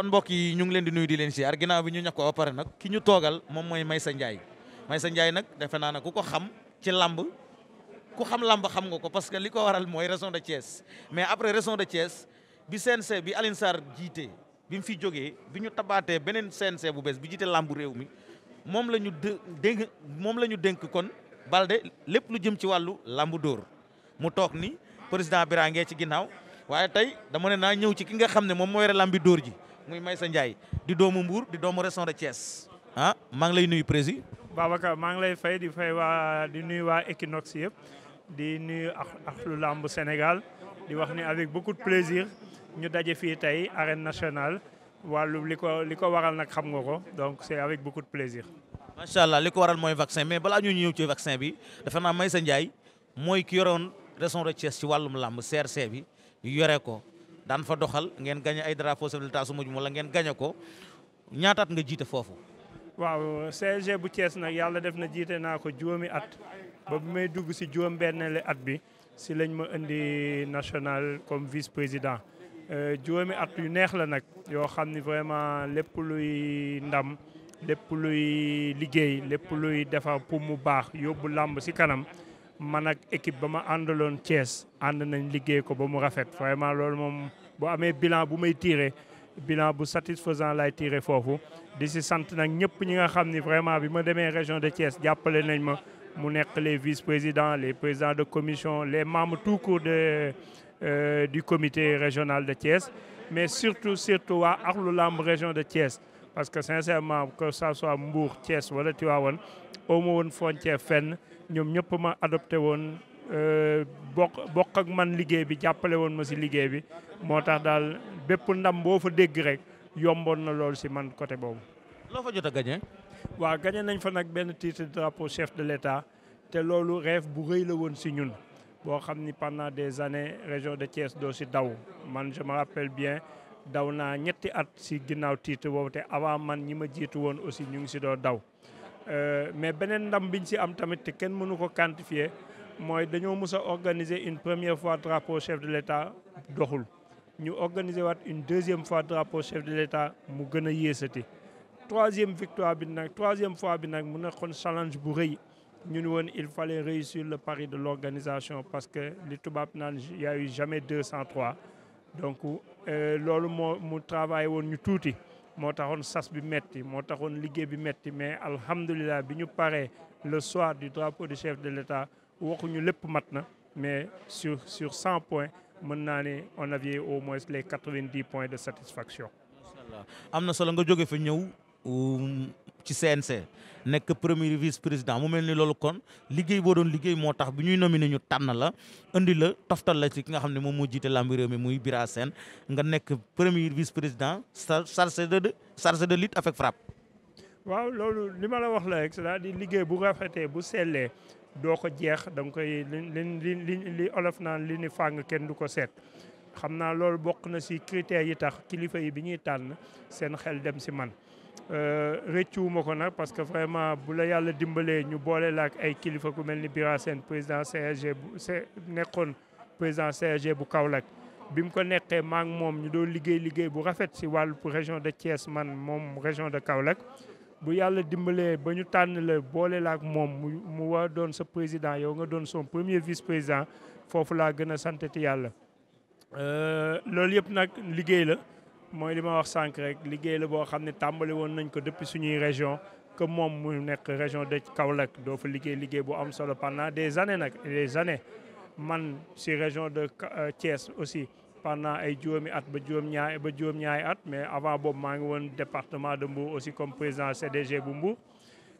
kon mbokk yi ñu ngi leen di nuy di leen siyaar ginnaaw bi ñu ñàkk ko ba pare nag ki ñu toogal moom mooy Maysa Ndiaye sa njaay nag defe naa ne ku ko xam ci làmb ku xam lamb xam nga ko parce que li ko waral mooy raison de Thiès mais après raison de Thiès bi CNC bi Alioune Sarr jiite bi mu fi jógee bi ñu tabaatee beneen CNC bu bees bi jiite lamb réew moom la ñu dénk moom la ñu dénk kon Balde lépp lu jëm ci wàllu lamb dóor mu toog ni président Birangue ci ginnaaw waaye tey dama ne naa ñëw ci ki nga xam ne moom moo lambi dóor ji muy Maysa Ndiaye di doomu Mbour di doomu région de Thiès ah, maa ngi lay nuyu président. Babacar maa ngi lay fay di fay waa di nuyu waa Equinox yëpp di nuyu ak ak làmb Sénégal di wax ni avec beaucoup de plaisir ñu daje fii tey arène nationale wàllu li ko li ko waral nag xam nga ko donc c'est avec beaucoup de plaisir. macha allah li ko waral mooy vaccin mais balaa ñu ñëw ci vaccin bi dafa naa Maysa Ndiaye mooy ki yoroon région de Thiès ci wàllum làmb CRC bi yore ko. daan fa doxal ngeen gañe ay drapeau chef de l'État su mujj mu ngeen gañe ko ñaataat nga jiite foofu. waaw CNG bu Thiès nag yàlla def na jiite naa ko juróomi at ba bu may dugg si juróom at bi si lañ ma indi national comme vice président euh, juróomi at yu neex la nag yoo xam ni vraiment lépp luy ndam lépp luy liggéey lépp luy defar pour mu baax yóbbu làmb si kanam. man ak équipe ba ma àndaloon Thiès ànd nañ liggéey ko ba mu rafet vraiment loolu moom bu amee bilan bu may tiire bilan bu satisfaisant lay tiré foofu di si sant nag ñëpp ñi nga xam ni vraiment bi ma demee région de Thiès jàppale nañ ma mu nekk les vice président les président de commission les membres tout court de euh, du comité régional de Thiès mais surtout surtout waa axlu làmb région de Thiès parce que sincèrement que ça soit Mbour Thiès wala Tivaouane amu woon frontière fenn ñoom ñëpp ma adopté woon euh, bokk bokk ak man liggéey bi jàppale woon ma si liggéey bi moo tax daal bépp ndam boo fa dégg rek yomboon na loolu si man côté boobu. loo fa jot a gagné. waa gagné nañ fa nag benn titre drapeau chef de l'État te loolu reef bu rëy la woon si ñun boo xam ni pendant des années région de Thiès doo si daw man je me rappelle bien daw naa ñetti at si ginnaaw titre boobu te avant man ñi ma jiitu woon aussi ñu ngi si doo daw. Euh, mais beneen ndam biñ si am tamit kenn mënu ko quantifier mooy dañoo mus a organiser une première fois drapeau chef de l'État doxul ñu organiser wat une deuxième fois drapeau chef de l'État mu gën a yéesati troisième victoire bi nag troisième fois bi nag ne nekkoon challenge bu rëy ñu ni woon il fallait réussir le paris de l'organisation parce que li tubaab naan y jamais deux cent trois donc euh, loolu moo mu travail woon ñu tuuti moo taxoon sas bi metti moo taxoon liggéey bi metti mais alhamdulilah bi ñu paree le soir du drapeau de chef de l'État waxuñu lépp mat na mais sur sur cent points mën naa ne on avait au moins les quatre-vingt-dix de satisfaction. macha am na solo nga jóge fa ñëw um, ci CNC nekk premier vice président mu mel ni loolu kon liggéey boo doon liggéey moo tax bu ñuy nominé ñu tànn la indi la toftal la ci ki nga xam ne moom moo jiite làmbi réew mi muy Bira Sène nga nekk premier vice président chargé de chargé de lutte avec frappe. waaw loolu li ma la wax la rek cest à liggéey bu rafetee bu sellee doo ko jeex da nga koy li li li olof naan li ni fàng kenn du ko seet. xam naa loolu bokk na si critères yi tax kilifa yi bi ñuy tànn seen xel dem si man. Euh, rëccuwuma ko nag parce que vraiment bu la yàlla dimbalee ñu boole la ak ay kilifa ku mel ni Bira Sène président CRG bu nekkoon président CRG bu Kaolack bi mu ko nekkee maa moom ñu doon liggéey liggéey bu rafet si wàllu région de Thiès man moom région de Kaolack bu yàlla dimbalee ba ñu tànn la boole la ak moom mu mu war doon sa président yow nga doon son premier vice président foofu laa gën a santati yàlla euh, loolu yëpp nag liggéey la mooy li ma wax sànq rek liggéey la boo xam ne tàmbali woon nañ ko depuis suñuy région que moom mu nekk région de Kaolack doo fa liggéey liggéey bu am solo pendant des années nag des années man si région de euh, Thiès aussi pendant ay juróomi at ba juróom-ñaari ba juróom at mais avant boobu maa ngi woon département de Mbour aussi comme président CDG bu Mbour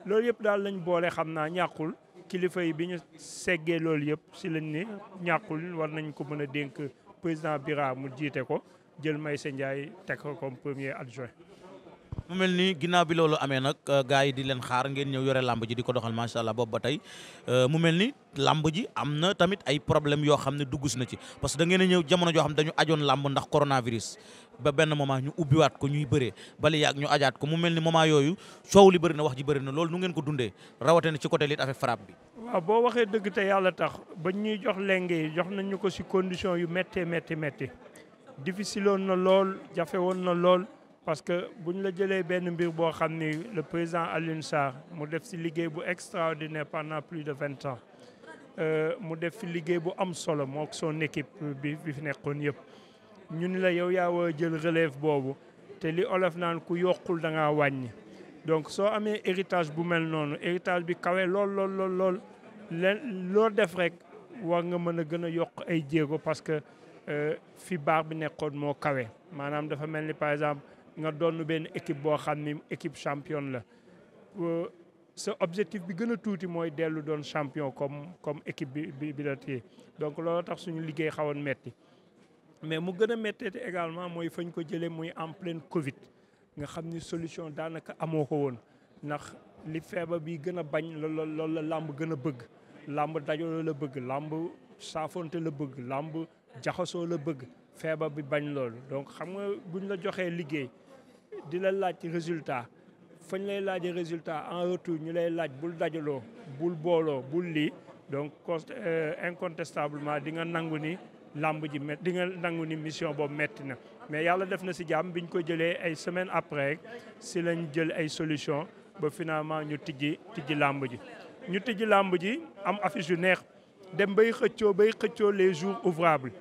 loolu yëpp daal lañ boole xam naa ñàkkul kilifa yi bi ñu seggee loolu yëpp si lañ ne ñàkkul war nañ ko mën a dénk président Bira mu jiite ko jël Maysa Ndiaye teg comme premier adjoint. mu mel ni ginnaaw bi loolu amee nag euh, gars yi di leen xaar ngeen ñëw yore lamb ji di ko doxal macha allah boobu ba tey euh, mu mel ni lamb ji am na tamit ay problème yoo xam ne dugg si na ci parce que da ngeen a ñëw jamono joo xam dañu ajoon lamb ndax coronavirus ba benn moment ñu ubbiwaat ko ñuy bëree bala yàgg ñu ajaat ko mu mel ni moment yooyu coow li bëri na wax ji bëri na loolu nu ngeen ko dundee rawatina ci côté lutte avec frappe bi. waaw boo waxee tax ba ñuy jox lenge yi jox nañu ko si condition yu méttee métti métti. difficile woon na lool jafe woon na lool parce que bu ñu la jëlee benn mbir boo xam ni le président Alioune Sarr mu def si liggéey bu extraordinaire pendant plus de vingt ans euh, mu def fi liggéey bu am solo moo ak son équipe bi fi nekkoon yëpp ñu ni la yow yaa war jël relève boobu te li olof naan ku yokkul danga ngaa wàññi donc soo amee héritage bu mel noonu héritage bi kawee lool lool lool lool loo def rek war nga mën a gën a yokk ay jéego parce que Euh, fi baax bi nekkoon moo kawe maanaam dafa mel ni par exemple nga doon benn équipe boo xam ni équipe championne la euh, sa objectif bi gën a tuuti mooy dellu doon champion comme comme équipe bi bi la téye donc loolu tax suñu liggéey xawoon metti mais mu gën a méttee également mooy fañ ko jëlee muy en pleine Covid nga xam ni solution daanaka amoo ko woon ndax li feebar bi gën a bañ lool la làmb gën a bëgg làmb dajaloo la bëgg làmb saafonte la bëgg làmb jaxasoo la bëgg feebar bi bañ loolu donc xam nga buñ la joxee liggéey di la laaj résultat fañ lay laajee résultat en retour ñu lay laaj bul dajaloo bul booloo bul lii donc euh, incontestablement di nga nangu ni làmb ji met di nga nangu ni mission boobu metti na mais yàlla def na si jàmm biñ ko jëlee ay semaine après si lañ jël ay solution ba finalement ñu tijji tijji làmb ji ñu tijji làmb ji am affiche yu neex dem bay xëccoo bay xëccoo les jours ouvrables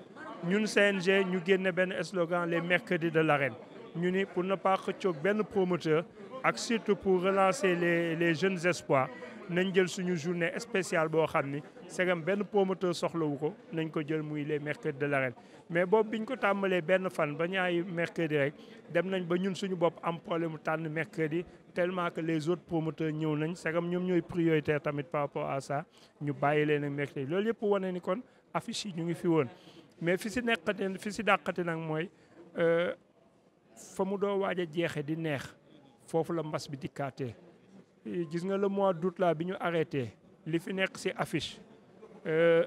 ñun CNG ñu génne benn slogan les mercredis de l'arène ñu ni pour ne pas xëccoog benn promoteur ak surtout pour relancer les les jeunes espoirs nañ jël suñu journée spéciale boo xam ni segam benn promoteur soxlawu ko nañ ko jël muy les mercredis de l'arène mais boobu biñ ko tàmbalee benn fan ba ñaari mercredi rek dem nañ ba ñun suñu bopp am problème mu tànn mercredi tellement que les autres promoteurs ñëw nañ sagam ñoom ñooy prioritaire tamit par rapport à ça ñu bàyyi leen ak mercredi loolu yëpp wane ni kon affiche yi ñu ngi fi woon mais fi si nekkati fi si dàqati nag mooy euh, fa mu doo waaja a jeexe di neex foofu la mbas bi dikkaatee gis nga le mois d'août la bi ñu arrêté li fi nekk si affiche euh,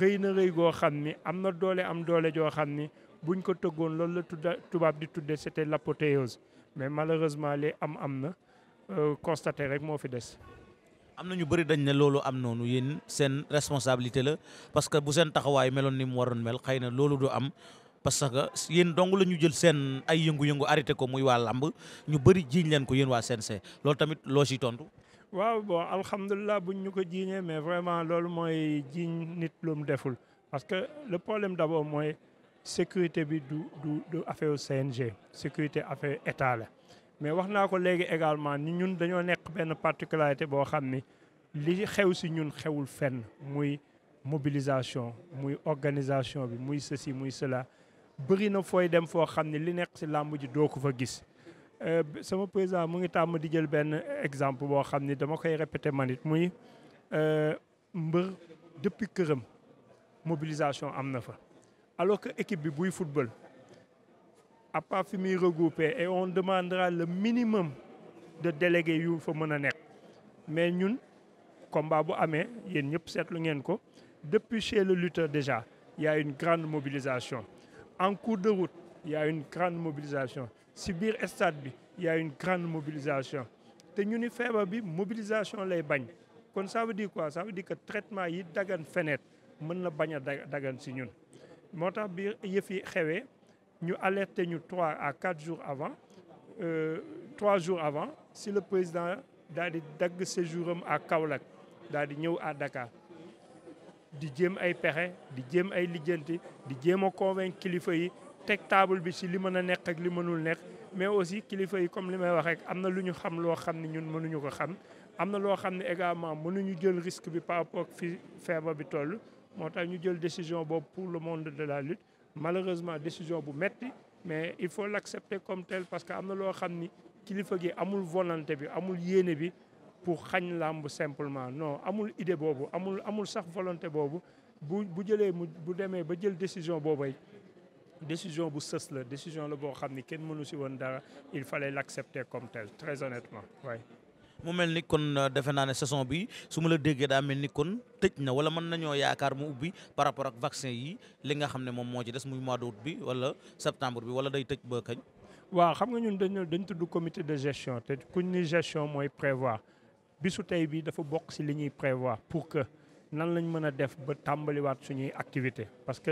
rëy na rëy goo xam ni am na doole am doole joo xam ni buñ ko tëggoon loolu la tudda tubaab di tudde c'était l'apothéose mais malheureusement li Euh, constaté rek moo fi des. am na ñu bëri dañ ne loolu am noonu yéen seen responsabilité la parce que bu seen taxawaay meloon ni mu waroon mel xëy na loolu du am parce que yéen dong la ñu jël seen ay yëngu-yëngu arrêté ko muy waa làmb ñu bëri jiiñ leen ko yéen waa CNG loolu tamit loo siy tontu. waaw bon alhamdulilah bu ñu ko jiiñee mais vraiment loolu mooy jiiñ nit lu deful parce que le problème d'abord mooy sécurité bi du du du affaire CNG sécurité affaire état mais wax naa ko léegi également ni ñun dañoo nekk benn particularité boo xam ni li xew si ñun xewul fenn muy mobilisation muy organisation bi muy ceci muy cela bëri na fooy dem foo xam ne li nekk si làmb doo ko fa gis. Euh, sama président mu ngi tàmm di jël benn exemple boo xam ni dama koy répété man it muy euh, mbër dëppi këram mobilisation am na fa alors que équipe bi buy football. à part fi muy regroupé et on demandera le minimum de délégués yu fa mën a nekk mais ñun combat bu amee yéen ñëpp seetlu ngeen ko depuis chez le lutteur déjà il une grande mobilisation en cours de route il y a une grande mobilisation si biir stade bi il y une grande mobilisation te ñu ni feebar bi mobilisation lay bañ kon ça veut dire quoi ça dire que traitement yi dagan fenêtre mën na bañ a dagan si ñun moo tax bi yëf xewee ñu alerter ñu trois à quatre jours avant euh, trois jours avant si le président daal di dagg séjour am à Kaolack daal di ñëw à Dakar di jéem ay pexe di jéem ay lijjanti di jéem a convaincre kilifa yi teg table bi si li mën a nekk ak li mënul nekk mais aussi kilifa yi comme li may wax rek am na lu ñu xam loo xam ne ñun mënuñu ko xam am na loo xam ne également mënuñu jël risque bi par rapport fi feeba bi toll moo tax ñu jël décision boobu pour le monde de la lutte malheureusement décision bu metti mais il faut l'accepter comme tel parce que am na loo xam ni kilifa gi amul volonté bi amul yéene bi pour xañ làmb simplement non amul idée boobu amul amul sax volonté boobu bu bu jëlee mu bu demee ba jël décision boobay décision bu sës la décision la boo xam ni kenn mënu si woon dara il fallait l'accepter comme tel très honnêtement waaye. mu mel ni kon euh, defe naa ne saison bi su ma la déggee daa mel ni kon tëj na wala mën nañoo yaakaar mu ubbi par rapport ak vaccin yi li nga xam ne moom moo ci des muy mois d'août bi wala septembre bi wala day tëj ba kañ. waaw xam nga ñun dañu dañ tudd comité de gestion te kuñ ni gestion mooy prévoir bisu tey bi dafa bokk si li ñuy prévoir pour que nan lañ mën a def ba tàmbaliwaat suñuy activité parce que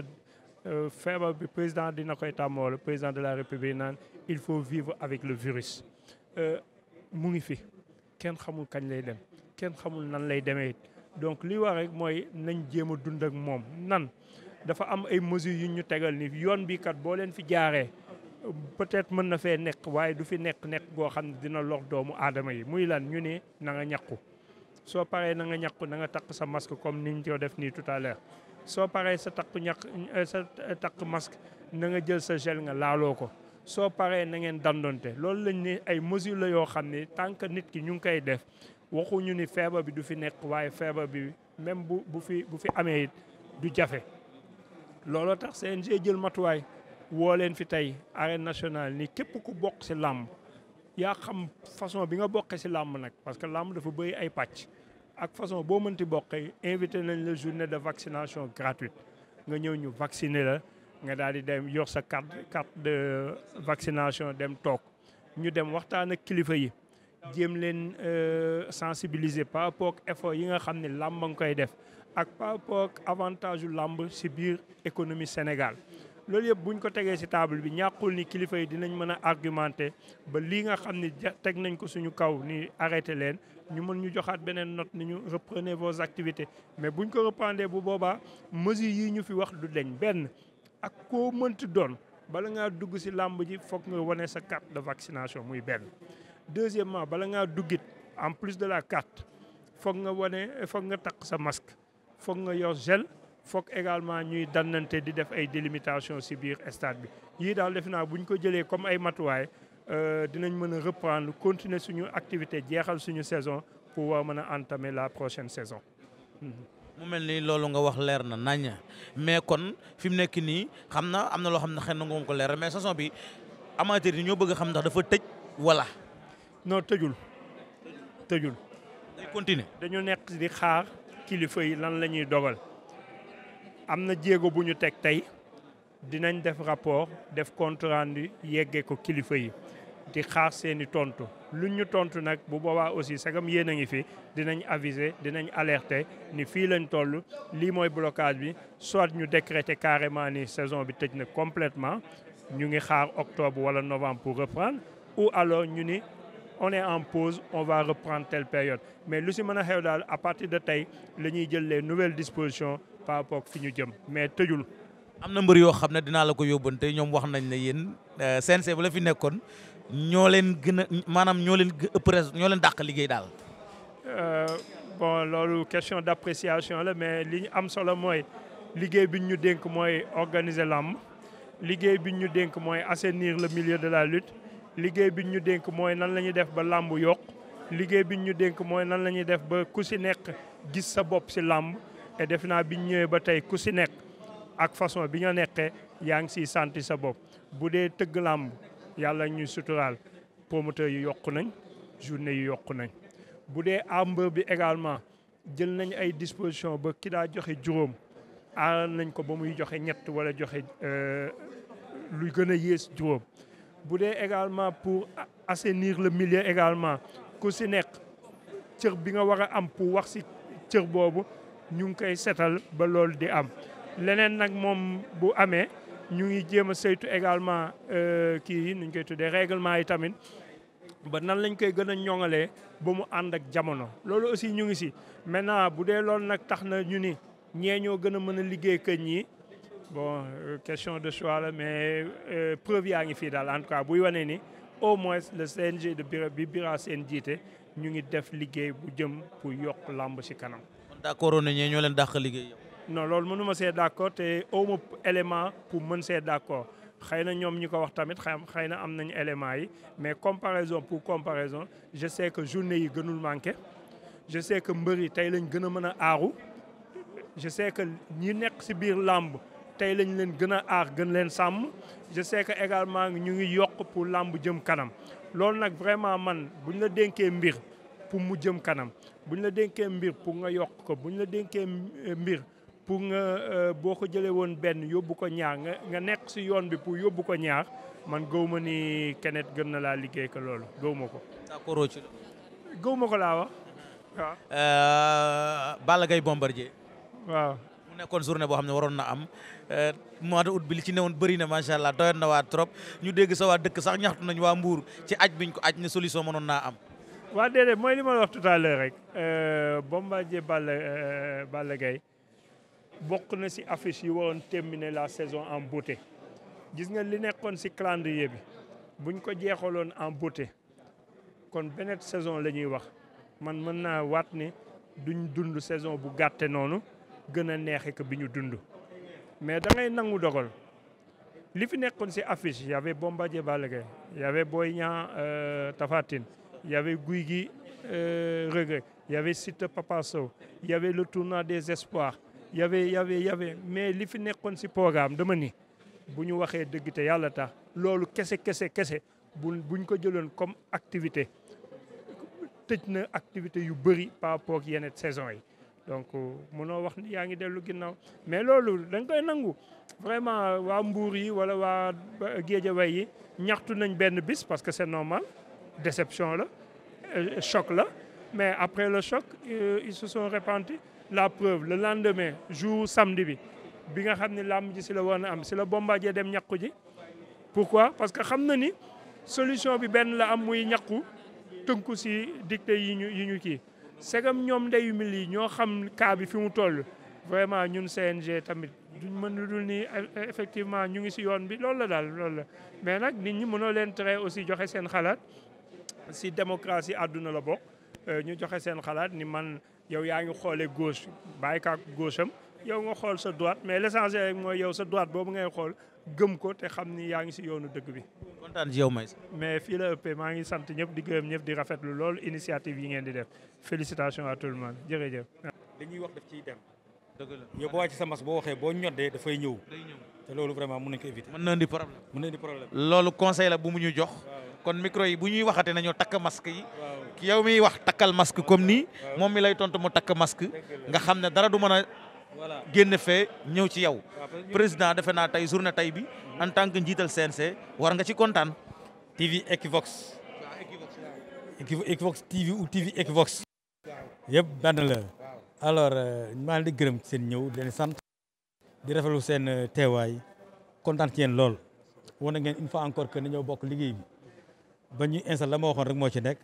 euh, feebar bi président dina koy tàmmoo le président de la république naan il faut vivre le virus euh, mu ngi fi. kenn xamul kañ lay dem kenn xamul nan lay demee donc li war rek mooy nañ jéem a dund ak moom nan dafa am ay mesures yu ñu tegal nii yoon bi kat boo leen fi jaaree peut-être mën na fee nekk waaye du fi nekk nekk goo xam ne dina lor doomu aadama yi muy lan ñu ne na nga ñàkku soo paree na nga ñàkku na nga takk sa masque comme niñ ko def nii tout à l'heure soo paree sa takk ñàkk sa takk masque na nga jël sa gel nga laaloo ko soo paree na ngeen dandonte loolu lañ ni ay mesures la yoo xam ne tant que nit ki ñu ngi koy def waxuñu ni feebar bi du fi nekk waaye feebar bi même bu bu fi bu fi amee it du jafe. looloo tax CNG jël matuwaay woo leen fi tey arène nationale nii képp ku bokk si làmb yaa xam façon bi nga bokkee si làmb nag parce que làmb dafa bëri ay pàcc. ak façon boo mënti bokkee invité nañ la journée de vaccination gratuite nga ñëw ñu vacciner la. nga daal di dem yor sa carte carte de vaccination dem toog ñu dem waxtaan ak kilifa yi jéem leen euh, sensibiliser par rapport ak effort yi nga xam ne làmb nga koy def ak par rapport ak avantage yu làmb si biir économie Sénégal. loolu yëpp buñ ko tegee si table bi ñàkkul ni kilifa yi dinañ mën a argumenté ba lii nga xam ni teg nañ ko suñu kaw ni arrêté leen ñu mën ñu joxaat beneen note ni ñu reprenez vos activités mais buñ ko reprendre bu boobaa mesures yi ñu fi wax du deñ benn. ak koo mënt doon bala ngaa dugg si làmb ji foog nga wane sa carte de vaccination muy benn deuxièmement bala ngaa duggit en plus de la carte foog nga wane foog nga takk sa masque foog nga yor gel foog également ñuy dannante di def ay délimitation si biir stade bi yii daal defe naa bu ñu ko jëlee comme ay matuwaay euh, dinañ mën a reprendre continuer suñu activité jeexal suñu saison pour war mën a entamer la prochaine saison hmm. mu mel ni loolu nga wax leer na naña mais kon fi mu nekk nii xam na am na loo xam ne xëy na nga ko leer mais saison bi amateur yi ñoo bëgg xam ndax dafa tëj wala. non tëjul tëjul. day continuer dañu nekk di xaar kilifa yi lan lañuy dogal am na jéego bu ñu teg tey dinañ def rapport def compte rendu yeggee ko kilifa yi. di xaar seeni tontu lu ñu tontu nag bu boobaa aussi sagam yéen a ngi fi dinañ aviser dinañ alerter ni fii lañ toll lii mooy blocage bi soit ñu décréter carrément ni saison bi tëj na completement ñu ngi xaar octobre wala novembre pour reprendre ou alors ñu ni on est en pause on va reprendre telle période mais lu si mën a xew daal à partir de tey la ñuy jël les nouvelles par rapport fi ñu jëm mais tëjul. am na mbër yoo xam ne dinaa la ko yóbbante ñoom wax nañ ne yéen euh, CNG la fi nekkoon. ñoo leen gën a maanaam ñoo leen ëpp res ñoo leen dàq liggéey daal. Euh, bon loolu question d'appréciation la mais li ñu am solo mooy liggéey bi ñu dénk mooy organiser làmb liggéey bi ñu dénk mooy assainir le milieu de la lutte liggéey bi ñu dénk mooy nan la ñuy def ba làmb yokk liggéey bi ñu dénk mooy nan la ñuy def ba ku si nekk gis sa bopp si làmb et def naa bi ñu ñëwee ba tey ku si nekk ak façon bi nga nekkee yaa ngi siy santi sa bopp bu dee tëgg làmb yàlla ñuy suturaal promoteur yi yokku nañ journée yi yokku nañ bu dee àmbër bi également jël nañ ay disposition ba ki joxe juróom aaral nañ ko ba muy joxe ñett wala joxe euh, lu gën a yées juróom bu dee également pour assainir la milieu également ku si nekk cër bi nga war a am pour wax si cër boobu ñu ngi koy setal ba loolu di am leneen nag moom bu amee ñu ngi jéem a saytu également euh, kii yi nu ñu koy tuddee règlement yi tamit ba nan lañ koy gën a ñoŋalee ba mu ànd ak jamono. loolu aussi ñu ngi si maintenant bu dee loolu nag tax na ñu ni ñee ñoo gën a mën a liggéey que ñii bon euh, question de choix la mais euh, preuve yaa ngi fii daal en tout cas buy wane ni au moins le CNG de Bira bi Bira seen jiite ñu ngi def liggéey bu jëm pour yokk làmb si kanam. d'accord ñoo leen dàq liggéey non loolu mënuma see d'accord te awma élément pour mën see d'accord xëy na ñoom ñi ko wax tamit xam xëy na am nañu élément yi mais comparaison pour comparaison je sais que journée yi gënul manqué je sais que mbër yi tey lañ gën a mën a aaru je sais que ñi nekk si biir làmb tey lañ leen gën a aar gën leen sàmm je sais que également ñu ngi yokk pour làmb jëm kanam loolu nag vraiment man buñ ñu la dénkee mbir pour mu jëm kanam buñ ñu la dénkee mbir pour nga yokk ko bu ñu la dénkee mbir pour nga euh, boo ko jëlee woon benn yóbbu ko ñaar nga nga nekk si yoon bi pour yóbbu ko ñaar man gëw ma ni kenet gën na laa liggéey ko loolu gëw ma ko. d'accord ci ma ko laa wax waaw. Euh, Balla Gaye Bombardier. waaw. mu nekkoon journée boo xam ne waroon na am euh, mois de août bi li ci newoon bëri na macha allah doyoon na waa trop ñu dégg sa waa dëkk sax ñaxtu nañ waa mbuur ci aj biñ ko aj ne solution mënoon naa am. waa déedéet mooy li ma la wax rek. Bombardier Balla Balla bokk na si affiche yi waroon terminer la saison en beauté gis nga li nekkoon si calendrier bi buñ ko jeexaloon en beauté kon benet saison la ñuy wax man mën naa waat ni duñ dund saison bu gàtte noonu gën a neexe que bi ñu dund mais da nangu dogal li fi nekkoon si affiche y avait Bombardier Balla Gaye booy avait Boy Niang euh, Tapha Tine y avait Gouye Gui euh, Reug Reug y avait Siteu Papa Sow y avait le des espoirs y avait y mais li fi nekkoon si programme dama ni bu ñu waxee dëgg te yàlla tax loolu kese kese kese bu buñ ko jëloon comme activité tëj na activité yu bëri par rapport ak saison yi donc euh, munoo wax ni yaa ngi dellu ginnaaw mais loolu dañ koy nangu vraiment waa Mbour yi wala waa Guédiawaye yi ñaxtu nañ benn bis parce que c'est normal déception la euh, choc la mais après le choc euh, ils se sont repentis la preuve la lendemain jour samedi bi bi nga xam ne làmb ji si la war na am si la Bombardier dem ñàkku ji pourquoi parce que xam na ni solution bi benn la am muy ñàkku tënku si dicté yi ñu yi ñu kii segam ñoom ndeyu mil yi ñoo xam cas bi fi mu toll vraiment ñun CNG tamit duñ mën lu dul ni e-, effectivement ñu ngi si yoon bi loolu la daal loolu la mais nag nit ñi mënoo leen tere aussi joxe seen xalaat si démocratie àdduna la bokk euh, ñu joxe seen xalaat yow yaa ngi xoolee gauche bàyyi kaak gauche am nga xool sa droite mais l'essentiel rek mooy yow sa droite boobu ngay xool gëm ko te xam ni yaa ngi si yoonu dëgg bi. kontaan ci yow may mais fii la ëppee maa ngi sant ñëpp di gërëm ñëpp di rafetlu loolu initiative yi ngeen di def félicitations à tout le monde jërëjëf. dañuy wax daf ciy dem. la yow boo wàcc sa mas boo waxee boo ñoddee dafay ñëw. te loolu conseil la bu mu ñu jox. kon micro yi bu ñuy waxatee nañoo takk masque yi. yow mi wax takkal masque comme nii moom mi lay tontu mu takk masque nga xam ne dara du man a génn fee ñëw ci yow président defe naa tey journée tey bi en tant que njiital CNC war nga ci kontaan. TV Equivox. Equivox TV ou TV Equivox. yëpp benn la alors euh, maa ngi di gërëm seen ñëw di leen sant di rafetlu seen euh, teewaay kontaan ci yéen lool wane ngeen une fois encore que ni ñoo bokk liggéey bi ba ñu installé la ma waxoon rek moo ci nekk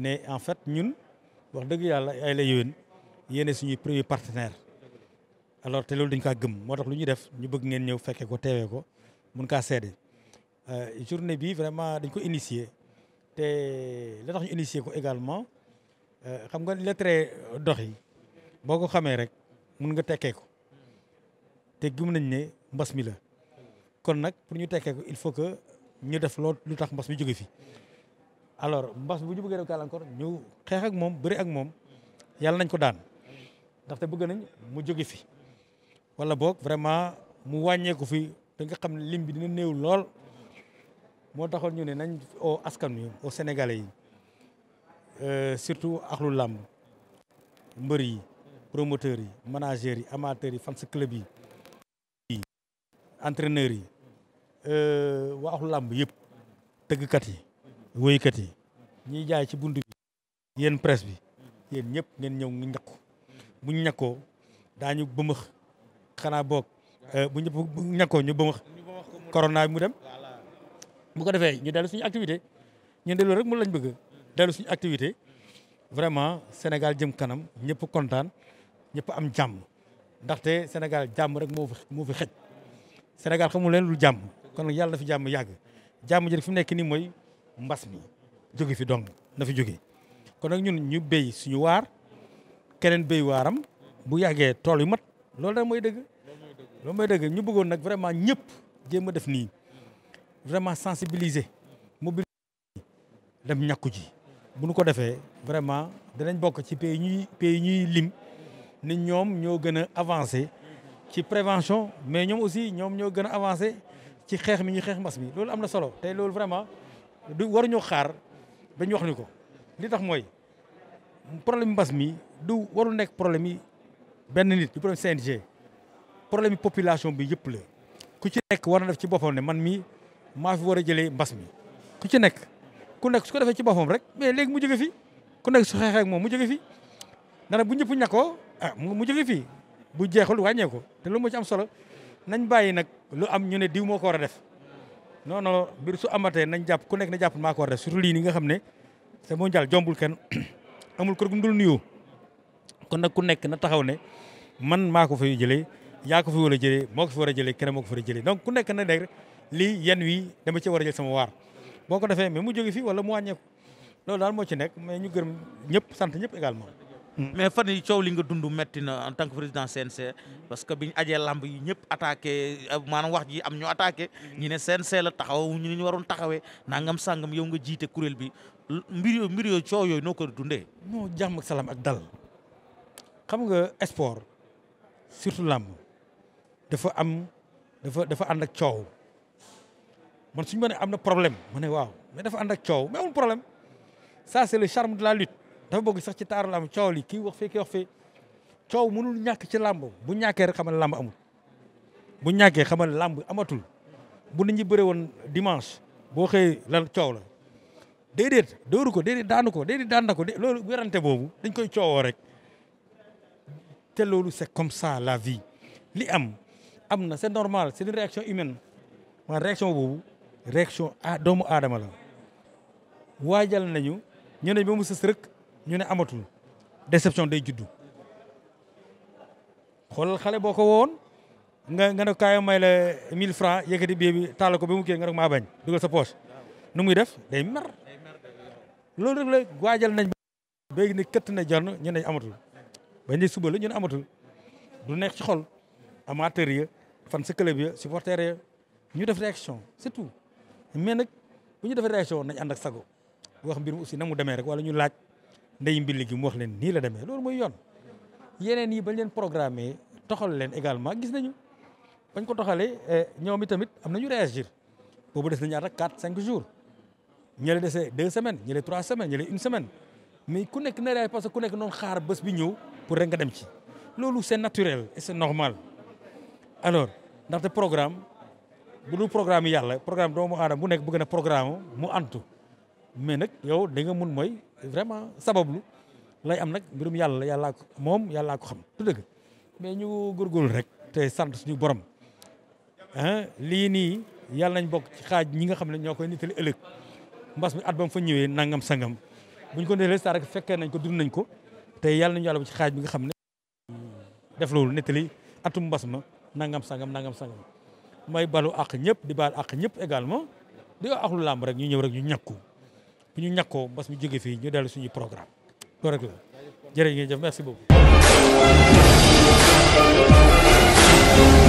ne en fait ñun wax dëgg yàlla ay la yéwén yéene suñuy premier partenaire alors te loolu dañ kaa gëm moo tax lu ñuy def ñu bëgg ngeen ñëw fekkee ko teewee ko mun kaa seede euh, journée bi vraiment dañ ko initier te la tax ñu initier ko également euh, xam nga lettre dox yi boo ko xamee rek mun nga tekkee ko te gëm nañ ne mbas mi la kon nag pour ñu tekkee ko il faut que ñu def loolu lu tax mbas mi jóge fi alors mbas bu ñu buggee def gàllankoor ñu xeex ak moom bëri ak moom yàlla nañ ko daan ndaxte bëgg nañ mu jóge fi wala boog vraiment mu wàññeeku fi da xam ne lim bi dina néew lool moo taxoon ñu ne nañ au askan wi au sénégalais yi euh, surtout axlu làmb mbër yi promoteurs yi managers yi amateurs yi fans club yi entraîneurs yi euh, waa axlu làmb yëpp tëggkat yi woykat yi ñiy jaay ci bunt bi yéen presse bi yéen ñëpp ngeen ñëw ngi ñakku buñ ñakkoo daañu bëmëx xanaa boog eh, bu ñëpp ñakkoo ñu bëmëx corona mu dem bu ko defee ñu dellu suñu activité ñun de loolu rek mu lañ bëgg dellu suñu activité vraiment Sénégal jëm kanam ñëpp kontaan ñëpp am jàmm ndaxte Sénégal jàmm rek moo fi moo fi xëj Sénégal xamul leen lu jàmm kon nag na fi jàmm yàgg jàmm ji rek fi nekk nii mooy mbas mi jóge fi donc na fi jóge kon nag ñun ñu béy suñu waar keneen béy waaram bu yàggee tool yu mat loolu da mooy dëgg loolu mooy dëgg ñu buggoon nag vraiment ñëpp jéem a def nii vraiment sensibiliser mobiliser dem ñàkku ji bu nu ko defee vraiment danañ bokk ci pays ñuy pays ñuy lim ni ñoom ñoo gën a avancé ci prévention mais ñoom aussi ñoom ñoo gën a avancé ci xeex mi ñu xeex mbas mi loolu am na solo tey loolu vraiment du waruñoo xaar ba wax ni ko li tax mooy problème mbas mi du waru nekk problème yi benn nit du problème CNG problème population bi yëpp la ku ci nekk war na def ci boppam ne man mii maa fi war a jëlee mbas mi ku ci nekk ku nekk su ko defee ci boppam rek mais léegi mu jóge fi ku nekk su xeexee moom mu jóge fi dana bu ñëpp ñàkkoo ah mu jóge fi bu jeexul wàññeeku te lu moo ci am solo nañ bàyyi nag lu am ñu ne diw moo ko war a def non non mbir su amatee nañ jàpp ku nekk na jàpp maa ko war def surtout lii nii nga xam ne c'est mondial jombul kenn amul kër gu mu dul nuyoo kon nag ku nekk na taxaw ne man maa ko fay jëlee yaa ko fi war a jëlee moo ko fi war a jëlee keneen moo ko a jëlee donc ku nekk na nekk lii yan wi dama ci war a jël sama waar boo ko defee mais mu jóge fii wala mu wàññeeku loolu daal moo ci nekk mais ñu gër ñëpp sant ñëpp également mais fan yi coow li nga dund metti na en tant que président CNC parce que biñ ajee lamb yi ñëpp attaqué maanaam wax ji am ñu attaqué ñi ne CNC la taxaw ñu ñu waroon taxawee nangam sàngam yow nga jiite kuréel bi mbir yooyu mbir yooyu coow yooyu noo ko dundee non jàmm ak salaam ak dal xam nga sport surtout làmb dafa am dafa dafa ànd ak coow man suñ ma ne am na problème ma waaw mais dafa ànd ak coow mais amul problème ça c'est le charme de la dafa bëgg sax ci taaru làmb coow li kii wax fee kii wax coow mënul ñàkk ci làmb bu ñàkkee rek xamal làmb amul bu ñàkkee xamal làmb amatul bu nit ñi bëre woon dimanche boo xëyee lan coow la déedéet dóoru ko déedéet daanu ko déedéet daan na ko loolu werante boobu dañ koy coowoo rek te loolu c'est comme ça la vie li am am na c'est normal c'est une réaction humaine ma réaction boobu réaction doomu aadama la waajal nañu ñeneen ba mu sës ñu ne amatul déception de juddu xoolal xale boo ko woon nga nga ne kaayam may la 1000 francs yëkkati billet bi taal ko ba mu kii nga ne maa bañ dugal sa poche nu muy def day mer loolu rek la waajal nañ béegi ni këtt na jonn ñu ne amatul bañ ne suba la ñu ne amatul du nekk ci xol amateur ya fan sa club ya supporter ya ñu def réaction c'est tout mais nag bu ñu defee réaction nañ ànd ak sago wax mbir mi aussi na mu demee rek wala ñu laaj ndey mbilli gi mu wax leen nii la demee loolu mooy yoon yeneen yi bañ leen programmé toxal leen également gis nañu bañ ko toxalee eh, ñoom itamit am nañu réagir boobu des na ñaata 4 5 jours ñële dese 2 semaines ñële 3 semaines ñële une semaine mais ku nekk na réagir parce que ku nekk noon xaar bés bi ñëw pour rek nga dem ci loolu c'est naturel et c'est normal alors ndaxte programme bu dul programme yàlla programme doomu aadama bu nekk bëgg na programme mu antu mais nag yow da nga mun mooy vraiment sabablu lay am nag mbirum yàlla yàllaa ko moom yàllaa ko xam tu dëgg mais ñu góorgóorlu rek te sant suñu borom ah lii nii yàlla nañ bokk ci xaaj ñi nga xam ne ñoo koy nittali ëllëg mbas mi at ba mu fa ñëwee nangam sangam buñ ko nelee saa rek fekkee nañ ko dund nañ ko te yàlla nañu yàlla bu ci xaaj bi nga xam ne def loolu nettali atum mbas ma nangam sangam nangam sangam may balu àq ñëpp di bal àq ñëpp également di àqlu làmb rek ñu ñëw rek ñu ñàkku bu ñu ñàkkoo bas mi jóge fii ñu dellu suñu programme loolu rek la merci beaucoup